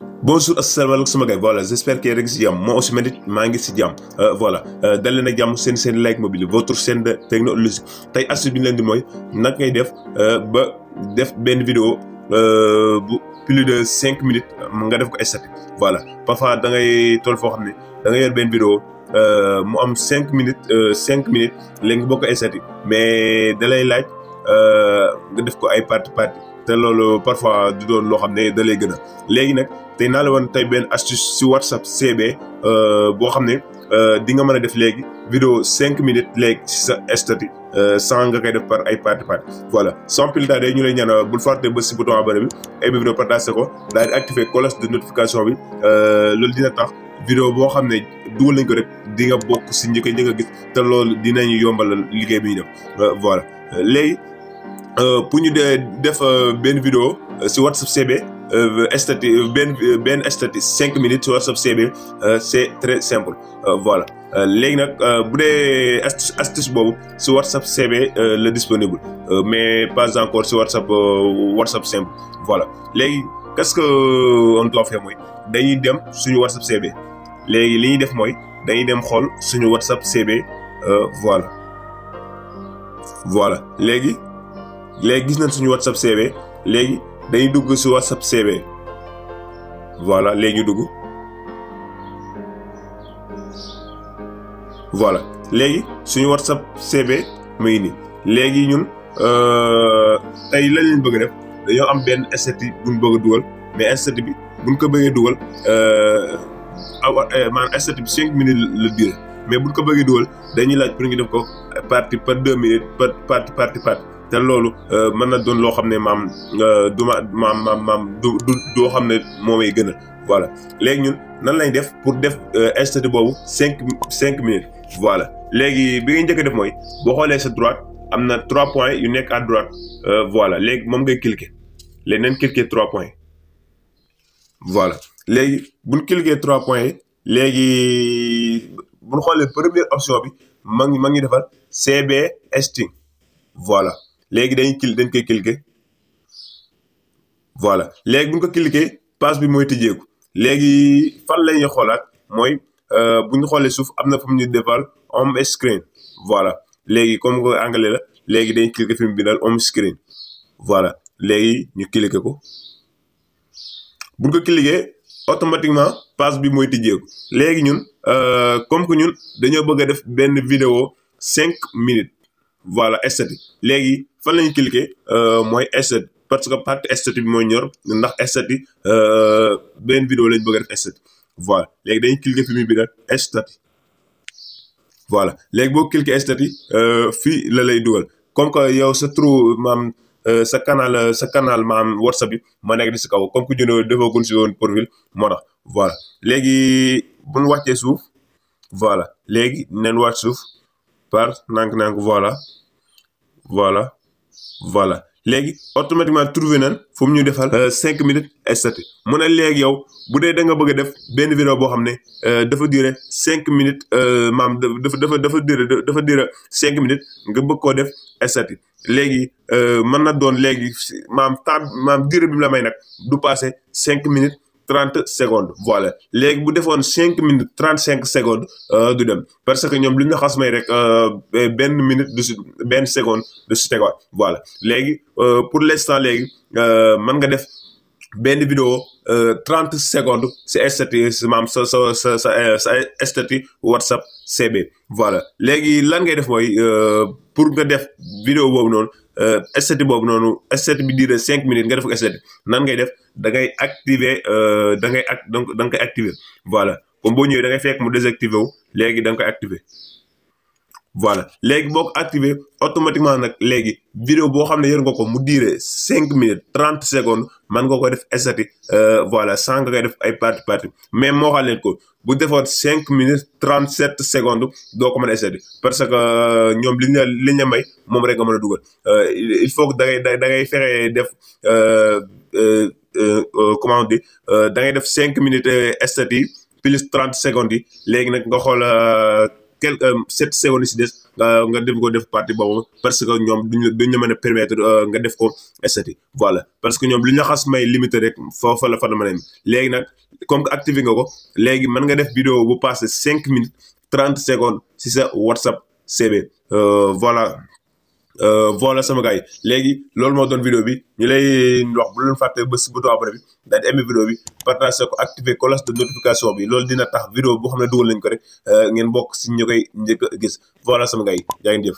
boo asalaamaaleykum sama gars voilà j'espère que yéen a ngi si jàmm moi maa ngi si jàmm euh, voilà euh, dal leen ak jàmm seen seen Like Mobile votre seen de technologie tey astuce bi ñu leen di mooy naka ngay def euh, ba def benn vidéo bu plus de cinq minutes nga def ko étaté voilà parfois da ngay toll foo xam ne da ngay benn vidéo mu am cinq minutes cinq minutes léegi boo ko étaté mais da lay laaj nga def ko ay parti parti te loolu parfois du doon loo xam ne da lay gën léegi nag. te naa la woon tey benn astuce si whatsapp CB euh, boo xam ne euh, di nga mën a def léegi vidéo cinq minutes léegi ci sa statut euh, sans nga def par ay parti parti voilà sans plus tarder ñu lay ñaan bul fàtte ba si bouton abonné bi ay bi vidéo partagé ko daal di activer cloche de notification bi loolu dina tax vidéo boo xam ne dugal nañ ko rek di bokk si ñi ko ñi nga gis te loolu dinañu yombalal liggéey bi ñu def voilà léegi pour ñu def benn vidéo si whatsapp CB Euh, esthétique euh, benn euh, benn cinq minutes si WhatsApp C bi c'est très simple voilà léegi nag bu dee astuce boobu si WhatsApp C bi la disponible mais pas encore si WhatsApp WhatsApp simple voilà léegi qu'est-ce que on doit faire mooy dañuy dem suñu WhatsApp C bi léegi li ñuy def mooy dañuy dem xool suñu WhatsApp C bi voilà voilà léegi léegi gis nañ suñu WhatsApp C bi léegi. day dugg si whatsapp CV voilà léegi ñu dugg voilà léegi suñu whatsapp CV muy ni léegi ñun euh, tey lañ leen bëgg def dañoo am benn statut buñ bëgg a dugal mais statut bi buñ ko bëggee dugal euh, euh, maanaam statut bi cinq minutes la durée mais buñ ko bëggee dugal dañuy laaj pour ñu def ko partie par deux minutes par partie partie partie te loolu euh, mën na doon loo xam ne maam euh, du ma maam maam du du doo xam ne moomay gën a voilà léegi ñun nan lañ def pour def euh, statut boobu cinq cinq minutes voilà léegi bi ngay njëkk a def mooy boo xoolee sa droite am na trois points yu nekk à droite voilà léegi moom ngay cliquer léegi nañ cliquer trois points voilà léegi buñ cliquer trois points yi léegi buñ xoolee première option bi ma ngi ma ngi defal CB string voilà léegi dañuy kil dañ koy cliquer voilà léegi bu ñu ko cliquer bi mooy tijjeeku léegi fan la ñuy xoolaat mooy euh, bu ñu xoolee suuf am na fu mu ñu defal home screen voilà léegi comme ko anglais la léegi dañ cliquer fi mu bindal home screen voilà léegi ñu cliquer ko bu ñu ko cliquer automatiquement bi mooy tijjeeku léegi ñun euh, comme que ñun dañoo bëgg a def benn vidéo cinq minutes voilà esthétique léegi fan lañu cliquer euh, mooy statut parce que partie statut bi mooy ñor ndax statut euh, benn vidéo lañ bëgg a def statut voilà léegi day cliquer fi mu biral statut voilà léegi boo cliquer statut euh, fii la lay dugal comme que yow sa trou maam sa canal sa canal maam whatsapp bi ma nekk di si kaw comme que jëndoo defagul si woon profil moo tax voilà léegi bu ñu wàccee suuf voilà léegi nañ wàcc suuf par nank-nank voilà voilà voilà léegi automatiquement trouvé nañ fu mu ñu defal euh, cinq minutes esthétique mu ne léegi yow bu dee da nga bëgg a def benn vidéo boo xam ne euh, dafa durer cinq minutes euh, maam dafa dafa dafa durer dafa durer cinq minutes nga bëgg koo def esthétique léegi mën na doon léegi maam temps maam durée bi mu la may nag du passé cinq minutes trente secondes voilà léegi bu defoon cinq minutes trente cinq secondes euh, du dem parce que ñoom lu ñu xas may rek euh, benn minute du si benn seconde du si tegaat voilà léegi euh, pour l'instant léegi mën nga def benn vidéo trente secondes si statut maam sa sa sa sa WhatsApp CB voilà léegi lan ngay def mooy pour nga def vidéo boobu noonu esthétique euh, boobu noonu esthétique bi diire cinq minutes nga def ko esthétique nan ngay def da ngay activer euh, da ngay act donc da nga koy activer voilà comme boo ñëwee da ngay fekk mu désactiver wu léegi da nga activer voilà léegi boo ko activé automatiquement nag léegi vidéo boo xam ne yor nga ko mu diire cinq minutes trente secondes man nga koy def estati euh, voilà sans nga koy def ay parti parti mais moo xam ko bu defoon cinq minutes trente sept secondes doo ko mën a estati parce que euh, ñoom li liña may moom rek nga mën a dugal euh, il faut que da ngay da ngay fexe def comment on dit da def cinq minutes estati plus trente secondes yi léegi nag nga xool. quelque euh, sept secondes si des nga euh, nga dem ko def parti boobu parce que ñoom duñ duñ la mën a permettre euh, nga def ko esthétique voilà parce que ñoom lu ñu la xas may limité rek foofa la fa ma mën a léegi nag comme que activé nga ko léegi mën nga def vidéo bu passé cinq minutes trente secondes si sa WhatsApp CV voilà Euh, voilà sama gars léegi loolu moo doon vidéo bi ñu lay wax bu leen fàtte ba si bouton abonné bi daal di vidéo bi partagé ko activé cloche de notification bi loolu dina tax vidéo boo xam ne dugal nañ ko rek euh, ngeen bokk si ñu koy njëkk gis voilà sama gars yi